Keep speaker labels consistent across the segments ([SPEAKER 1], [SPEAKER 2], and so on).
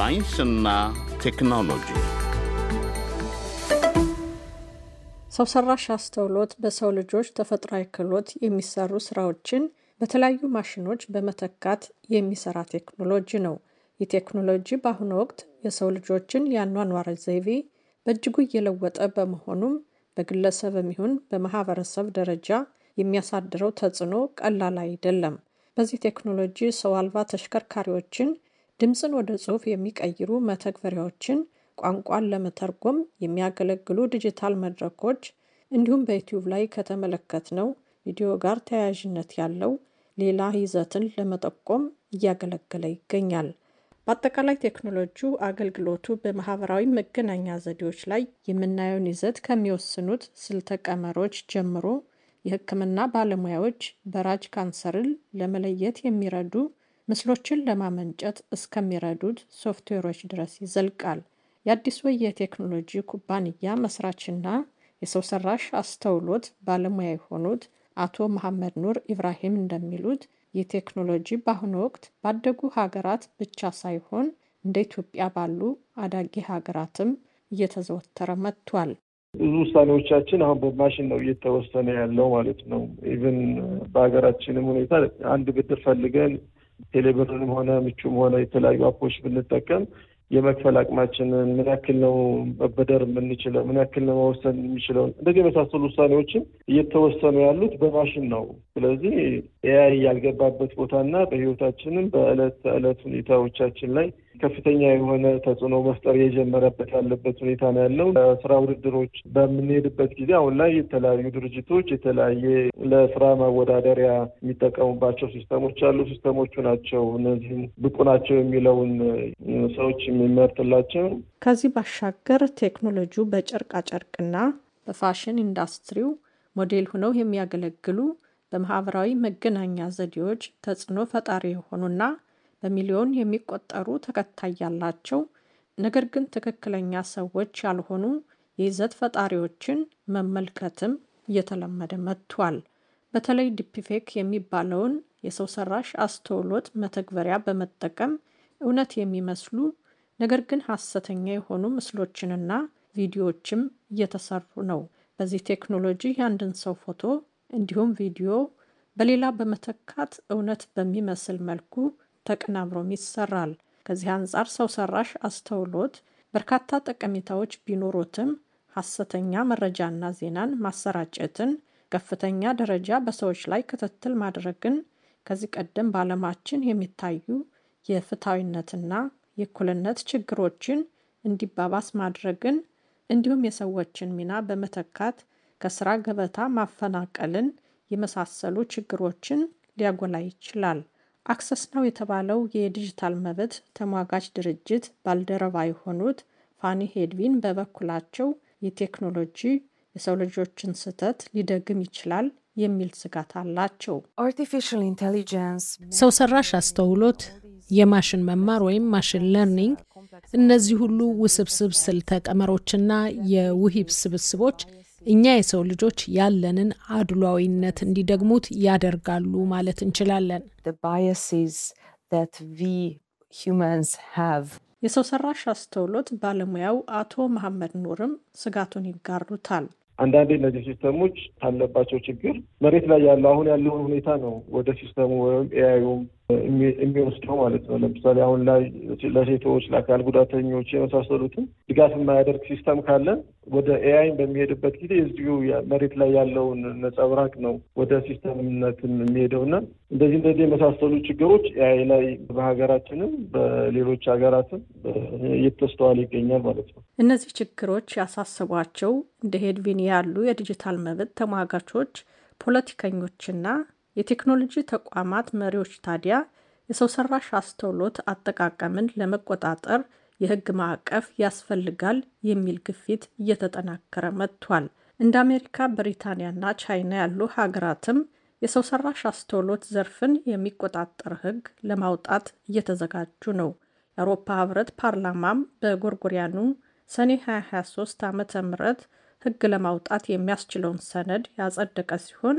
[SPEAKER 1] ሳይንስና ቴክኖሎጂ ሰው ሰራሽ አስተውሎት በሰው ልጆች ተፈጥሯዊ ክህሎት የሚሰሩ ስራዎችን በተለያዩ ማሽኖች በመተካት የሚሰራ ቴክኖሎጂ ነው። ይህ ቴክኖሎጂ በአሁኑ ወቅት የሰው ልጆችን የአኗኗር ዘይቤ በእጅጉ እየለወጠ በመሆኑም በግለሰብ ይሁን በማህበረሰብ ደረጃ የሚያሳድረው ተጽዕኖ ቀላል አይደለም። በዚህ ቴክኖሎጂ ሰው አልባ ተሽከርካሪዎችን ድምፅን ወደ ጽሑፍ የሚቀይሩ መተግበሪያዎችን ቋንቋን ለመተርጎም የሚያገለግሉ ዲጂታል መድረኮች እንዲሁም በዩቲዩብ ላይ ከተመለከትነው ቪዲዮ ጋር ተያያዥነት ያለው ሌላ ይዘትን ለመጠቆም እያገለገለ ይገኛል። በአጠቃላይ ቴክኖሎጂው አገልግሎቱ በማህበራዊ መገናኛ ዘዴዎች ላይ የምናየውን ይዘት ከሚወስኑት ስልተ ቀመሮች ጀምሮ የሕክምና ባለሙያዎች በራጅ ካንሰርን ለመለየት የሚረዱ ምስሎችን ለማመንጨት እስከሚረዱት ሶፍትዌሮች ድረስ ይዘልቃል። የአዲሱ የቴክኖሎጂ ኩባንያ መስራችና የሰው ሰራሽ አስተውሎት ባለሙያ የሆኑት አቶ መሐመድ ኑር ኢብራሂም እንደሚሉት ይህ ቴክኖሎጂ በአሁኑ ወቅት ባደጉ ሀገራት ብቻ ሳይሆን እንደ ኢትዮጵያ ባሉ አዳጊ ሀገራትም እየተዘወተረ መጥቷል።
[SPEAKER 2] ብዙ ውሳኔዎቻችን አሁን በማሽን ነው እየተወሰነ ያለው ማለት ነው። ኢቨን በሀገራችንም ሁኔታ አንድ ብድር ፈልገን ቴሌብርንም ሆነ ምቹም ሆነ የተለያዩ አፖች ብንጠቀም የመክፈል አቅማችንን ምን ያክል ነው መበደር የምንችለው፣ ምን ያክል ነው መወሰን የሚችለው፣ እንደዚህ የመሳሰሉ ውሳኔዎችን እየተወሰኑ ያሉት በማሽን ነው። ስለዚህ ኤአይ ያልገባበት ቦታና በህይወታችንም በእለት ተዕለት ሁኔታዎቻችን ላይ ከፍተኛ የሆነ ተጽዕኖ መፍጠር የጀመረበት ያለበት ሁኔታ ነው ያለው። ለስራ ውድድሮች በምንሄድበት ጊዜ አሁን ላይ የተለያዩ ድርጅቶች የተለያየ ለስራ ማወዳደሪያ የሚጠቀሙባቸው ሲስተሞች አሉ። ሲስተሞቹ ናቸው። እነዚህም ብቁ ናቸው የሚለውን ሰዎች የሚመርጥላቸው።
[SPEAKER 1] ከዚህ ባሻገር ቴክኖሎጂው በጨርቃጨርቅና በፋሽን ኢንዱስትሪው ሞዴል ሆነው የሚያገለግሉ በማህበራዊ መገናኛ ዘዴዎች ተጽዕኖ ፈጣሪ የሆኑና በሚሊዮን የሚቆጠሩ ተከታይ ያላቸው ነገር ግን ትክክለኛ ሰዎች ያልሆኑ የይዘት ፈጣሪዎችን መመልከትም እየተለመደ መጥቷል። በተለይ ዲፕፌክ የሚባለውን የሰው ሰራሽ አስተውሎት መተግበሪያ በመጠቀም እውነት የሚመስሉ ነገር ግን ሐሰተኛ የሆኑ ምስሎችንና ቪዲዮዎችም እየተሰሩ ነው። በዚህ ቴክኖሎጂ የአንድን ሰው ፎቶ እንዲሁም ቪዲዮ በሌላ በመተካት እውነት በሚመስል መልኩ ተቀናብሮም ይሰራል። ከዚህ አንጻር ሰው ሰራሽ አስተውሎት በርካታ ጠቀሜታዎች ቢኖሩትም ሐሰተኛ መረጃና ዜናን ማሰራጨትን፣ ከፍተኛ ደረጃ በሰዎች ላይ ክትትል ማድረግን ከዚህ ቀደም በዓለማችን የሚታዩ የፍትሐዊነትና የእኩልነት ችግሮችን እንዲባባስ ማድረግን እንዲሁም የሰዎችን ሚና በመተካት ከስራ ገበታ ማፈናቀልን የመሳሰሉ ችግሮችን ሊያጎላ ይችላል። አክሰስ ነው የተባለው የዲጂታል መብት ተሟጋች ድርጅት ባልደረባ የሆኑት ፋኒ ሄድቪን በበኩላቸው የቴክኖሎጂ የሰው ልጆችን ስህተት ሊደግም ይችላል የሚል ስጋት አላቸው። ሰው ሰራሽ አስተውሎት፣ የማሽን መማር ወይም ማሽን ለርኒንግ፣ እነዚህ ሁሉ ውስብስብ ስልተ ቀመሮችና የውሂብ ስብስቦች እኛ የሰው ልጆች ያለንን አድሏዊነት እንዲደግሙት ያደርጋሉ ማለት እንችላለን። የሰው ሰራሽ አስተውሎት ባለሙያው አቶ መሐመድ ኑርም ስጋቱን ይጋሩታል።
[SPEAKER 2] አንዳንዴ እነዚህ ሲስተሞች ካለባቸው ችግር መሬት ላይ ያለው አሁን ያለውን ሁኔታ ነው ወደ ሲስተሙ ወይም ኤአዩም የሚወስደው ማለት ነው። ለምሳሌ አሁን ላይ ለሴቶች፣ ለአካል ጉዳተኞች የመሳሰሉትን ድጋፍ የማያደርግ ሲስተም ካለ ወደ ኤአይን በሚሄድበት ጊዜ እዚሁ መሬት ላይ ያለውን ነጸብራቅ ነው ወደ ሲስተምነትም የሚሄደውና እንደዚህ እንደዚህ የመሳሰሉ ችግሮች ኤአይ ላይ በሀገራችንም በሌሎች ሀገራትም እየተስተዋለ ይገኛል ማለት ነው።
[SPEAKER 1] እነዚህ ችግሮች ያሳስቧቸው እንደ ሄድቪን ያሉ የዲጂታል መብት ተሟጋቾች ፖለቲከኞችና የቴክኖሎጂ ተቋማት መሪዎች ታዲያ የሰው ሰራሽ አስተውሎት አጠቃቀምን ለመቆጣጠር የህግ ማዕቀፍ ያስፈልጋል የሚል ግፊት እየተጠናከረ መጥቷል። እንደ አሜሪካ፣ ብሪታንያና ቻይና ያሉ ሀገራትም የሰው ሰራሽ አስተውሎት ዘርፍን የሚቆጣጠር ህግ ለማውጣት እየተዘጋጁ ነው። የአውሮፓ ህብረት ፓርላማም በጎርጎሪያኑ ሰኔ 2023 ም ህግ ለማውጣት የሚያስችለውን ሰነድ ያጸደቀ ሲሆን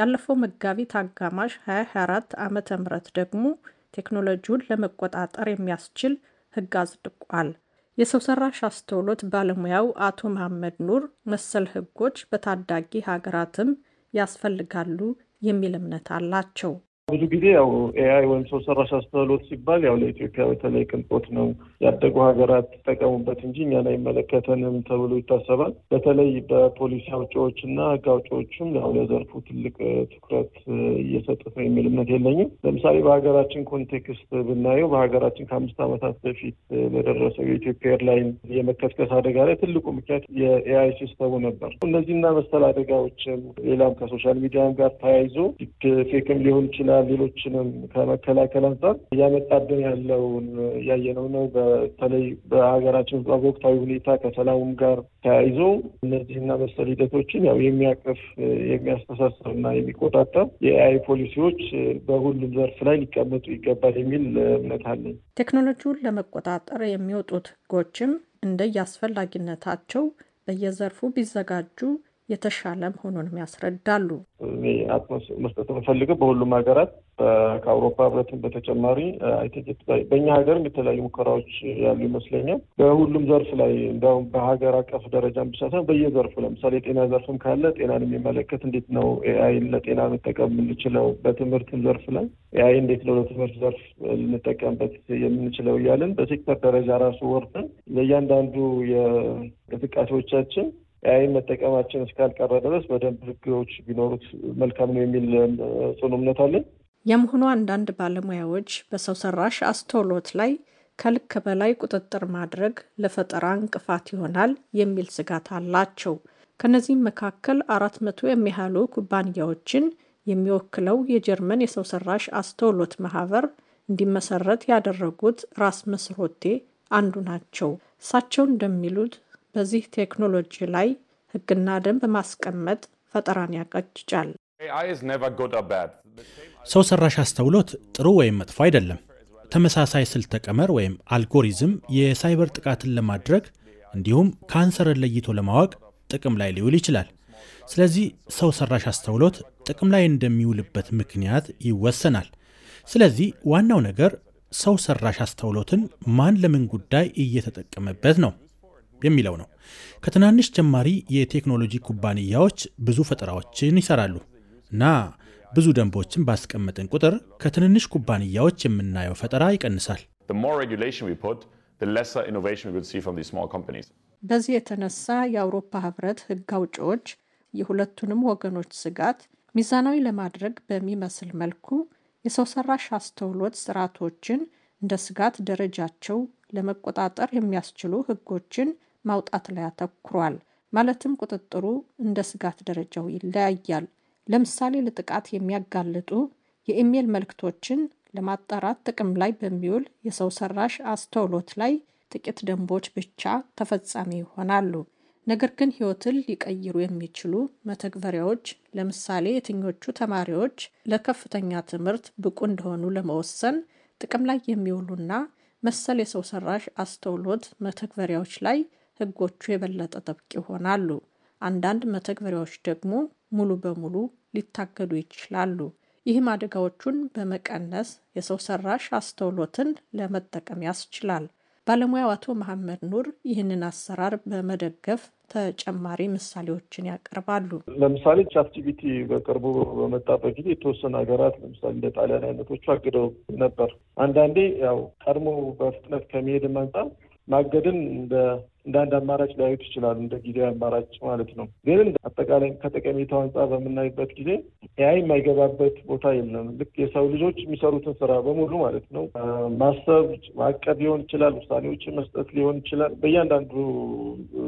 [SPEAKER 1] ያለፈው መጋቢት አጋማሽ 2024 ዓ ምህረት ደግሞ ቴክኖሎጂውን ለመቆጣጠር የሚያስችል ህግ አጽድቋል። የሰው ሰራሽ አስተውሎት ባለሙያው አቶ መሐመድ ኑር መሰል ህጎች በታዳጊ ሀገራትም ያስፈልጋሉ የሚል እምነት አላቸው።
[SPEAKER 2] ብዙ ጊዜ ያው ኤአይ ወይም ሰው ሰራሽ አስተውሎት ሲባል ያው ለኢትዮጵያ በተለይ ቅንጦት ነው፣ ያደጉ ሀገራት ተጠቀሙበት እንጂ እኛን አይመለከተንም ተብሎ ይታሰባል። በተለይ በፖሊሲ አውጪዎች እና ህግ አውጪዎችም ያው ለዘርፉ ትልቅ ትኩረት እየሰጡት ነው የሚል እምነት የለኝም። ለምሳሌ በሀገራችን ኮንቴክስት ብናየው በሀገራችን ከአምስት ዓመታት በፊት በደረሰው የኢትዮጵያ ኤርላይን የመከስከስ አደጋ ላይ ትልቁ ምክንያት የኤአይ ሲስተሙ ነበር። እነዚህና መሰል አደጋዎችም ሌላም ከሶሻል ሚዲያም ጋር ተያይዞ ፌክም ሊሆን ይችላል ሌሎችንም ከመከላከል አንጻር እያመጣብን ያለውን እያየነው ነው። በተለይ በሀገራችን በወቅታዊ ሁኔታ ከሰላሙም ጋር ተያይዞ እነዚህና መሰል ሂደቶችን ያው የሚያቅፍ የሚያስተሳስር እና የሚቆጣጠር የኤአይ ፖሊሲዎች በሁሉም ዘርፍ ላይ ሊቀመጡ ይገባል የሚል እምነት አለኝ።
[SPEAKER 1] ቴክኖሎጂውን ለመቆጣጠር የሚወጡት ህጎችም እንደየአስፈላጊነታቸው በየዘርፉ ቢዘጋጁ የተሻለ መሆኑን ያስረዳሉ።
[SPEAKER 2] መስጠት የምፈልገው በሁሉም ሀገራት ከአውሮፓ ህብረትን በተጨማሪ በእኛ ሀገርም የተለያዩ ሙከራዎች ያሉ ይመስለኛል። በሁሉም ዘርፍ ላይ እንዲሁም በሀገር አቀፍ ደረጃ ብቻ ሳይሆን በየዘርፉ ለምሳሌ የጤና ዘርፍም ካለ ጤናን የሚመለከት እንዴት ነው ኤአይን ለጤና መጠቀም የምንችለው፣ በትምህርትም ዘርፍ ላይ ኤአይ እንዴት ነው ለትምህርት ዘርፍ ልንጠቀምበት የምንችለው እያለን በሴክተር ደረጃ ራሱ ወርደን ለእያንዳንዱ የእንቅስቃሴዎቻችን ኤአይን መጠቀማችን እስካልቀረ ድረስ በደንብ ህግዎች ቢኖሩት መልካም ነው የሚል ጽኑ እምነት አለን።
[SPEAKER 1] የመሆኑ አንዳንድ ባለሙያዎች በሰው ሰራሽ አስተውሎት ላይ ከልክ በላይ ቁጥጥር ማድረግ ለፈጠራ እንቅፋት ይሆናል የሚል ስጋት አላቸው። ከነዚህም መካከል አራት መቶ የሚያህሉ ኩባንያዎችን የሚወክለው የጀርመን የሰው ሰራሽ አስተውሎት ማህበር እንዲመሰረት ያደረጉት ራስመስ ሮቴ አንዱ ናቸው። እሳቸው እንደሚሉት በዚህ ቴክኖሎጂ ላይ ህግና ደንብ ማስቀመጥ ፈጠራን ያቀጭጫል። ሰው ሰራሽ አስተውሎት ጥሩ ወይም መጥፎ አይደለም። ተመሳሳይ ስልተ ቀመር ወይም አልጎሪዝም የሳይበር ጥቃትን ለማድረግ እንዲሁም ካንሰርን ለይቶ ለማወቅ ጥቅም ላይ ሊውል ይችላል። ስለዚህ ሰው ሰራሽ አስተውሎት ጥቅም ላይ እንደሚውልበት ምክንያት ይወሰናል። ስለዚህ ዋናው ነገር ሰው ሰራሽ አስተውሎትን ማን ለምን ጉዳይ እየተጠቀመበት ነው። የሚለው ነው። ከትናንሽ ጀማሪ የቴክኖሎጂ ኩባንያዎች ብዙ ፈጠራዎችን ይሰራሉ እና ብዙ ደንቦችን ባስቀመጥን ቁጥር ከትንንሽ ኩባንያዎች የምናየው ፈጠራ ይቀንሳል። በዚህ የተነሳ የአውሮፓ ህብረት ህግ አውጪዎች የሁለቱንም ወገኖች ስጋት ሚዛናዊ ለማድረግ በሚመስል መልኩ የሰው ሰራሽ አስተውሎት ስርዓቶችን እንደ ስጋት ደረጃቸው ለመቆጣጠር የሚያስችሉ ህጎችን ማውጣት ላይ አተኩሯል። ማለትም ቁጥጥሩ እንደ ስጋት ደረጃው ይለያያል። ለምሳሌ ለጥቃት የሚያጋልጡ የኢሜል መልእክቶችን ለማጣራት ጥቅም ላይ በሚውል የሰው ሰራሽ አስተውሎት ላይ ጥቂት ደንቦች ብቻ ተፈጻሚ ይሆናሉ። ነገር ግን ሕይወትን ሊቀይሩ የሚችሉ መተግበሪያዎች ለምሳሌ የትኞቹ ተማሪዎች ለከፍተኛ ትምህርት ብቁ እንደሆኑ ለመወሰን ጥቅም ላይ የሚውሉና መሰል የሰው ሰራሽ አስተውሎት መተግበሪያዎች ላይ ህጎቹ የበለጠ ጥብቅ ይሆናሉ። አንዳንድ መተግበሪያዎች ደግሞ ሙሉ በሙሉ ሊታገዱ ይችላሉ። ይህም አደጋዎቹን በመቀነስ የሰው ሰራሽ አስተውሎትን ለመጠቀም ያስችላል። ባለሙያው አቶ መሐመድ ኑር ይህንን አሰራር በመደገፍ ተጨማሪ ምሳሌዎችን ያቀርባሉ።
[SPEAKER 2] ለምሳሌ ቻትጂፒቲ በቅርቡ በመጣበት ጊዜ የተወሰኑ ሀገራት ለምሳሌ እንደ ጣሊያን አይነቶቹ አግደው ነበር። አንዳንዴ ያው ቀድሞ በፍጥነት ከመሄድም አንጻር ማገድን እንደ እንደ አንድ አማራጭ ሊያዩት ይችላሉ፣ እንደ ጊዜ አማራጭ ማለት ነው። ግን አጠቃላይ ከጠቀሜታው አንጻር በምናይበት ጊዜ ኤአይ የማይገባበት ቦታ የለም። ልክ የሰው ልጆች የሚሰሩትን ስራ በሙሉ ማለት ነው ማሰብ፣ ማቀብ ሊሆን ይችላል፣ ውሳኔዎችን መስጠት ሊሆን ይችላል። በእያንዳንዱ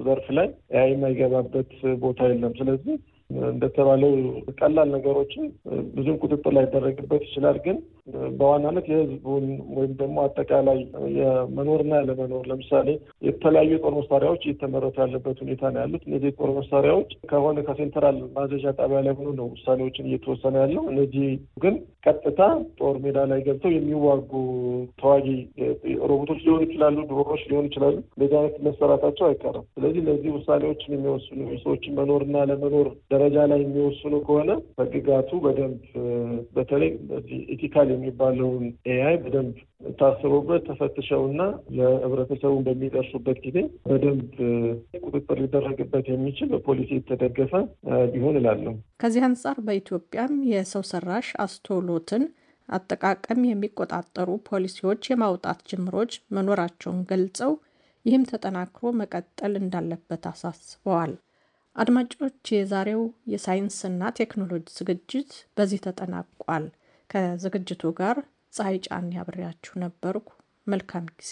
[SPEAKER 2] ዘርፍ ላይ ኤአይ የማይገባበት ቦታ የለም። ስለዚህ እንደተባለው ቀላል ነገሮችን ብዙም ቁጥጥር ላይደረግበት ይችላል ግን በዋናነት የህዝቡን ወይም ደግሞ አጠቃላይ የመኖርና ያለመኖር ለምሳሌ የተለያዩ የጦር መሳሪያዎች እየተመረቱ ያለበት ሁኔታ ነው ያሉት። እነዚህ የጦር መሳሪያዎች ከሆነ ከሴንትራል ማዘዣ ጣቢያ ላይ ሆኖ ነው ውሳኔዎችን እየተወሰነ ያለው። እነዚህ ግን ቀጥታ ጦር ሜዳ ላይ ገብተው የሚዋጉ ተዋጊ ሮቦቶች ሊሆኑ ይችላሉ፣ ድሮኖች ሊሆኑ ይችላሉ። እንደዚህ አይነት መሰራታቸው አይቀርም። ስለዚህ እነዚህ ውሳኔዎችን የሚወስኑ የሰዎችን መኖርና ለመኖር ደረጃ ላይ የሚወስኑ ከሆነ በግጋቱ በደንብ በተለይ ኢቲካል የሚባለውን ኤአይ በደንብ ተፈትሸው ተፈትሸውና ለህብረተሰቡን በሚደርሱበት ጊዜ በደንብ ቁጥጥር ሊደረግበት የሚችል በፖሊሲ የተደገፈ ቢሆን እላለሁ።
[SPEAKER 1] ከዚህ አንጻር በኢትዮጵያም የሰው ሰራሽ አስተውሎትን አጠቃቀም የሚቆጣጠሩ ፖሊሲዎች የማውጣት ጅምሮች መኖራቸውን ገልጸው ይህም ተጠናክሮ መቀጠል እንዳለበት አሳስበዋል። አድማጮች፣ የዛሬው የሳይንስና ቴክኖሎጂ ዝግጅት በዚህ ተጠናቋል። ከዝግጅቱ ጋር ፀሐይ ጫን ያብሬያችሁ ነበርኩ። መልካም ጊዜ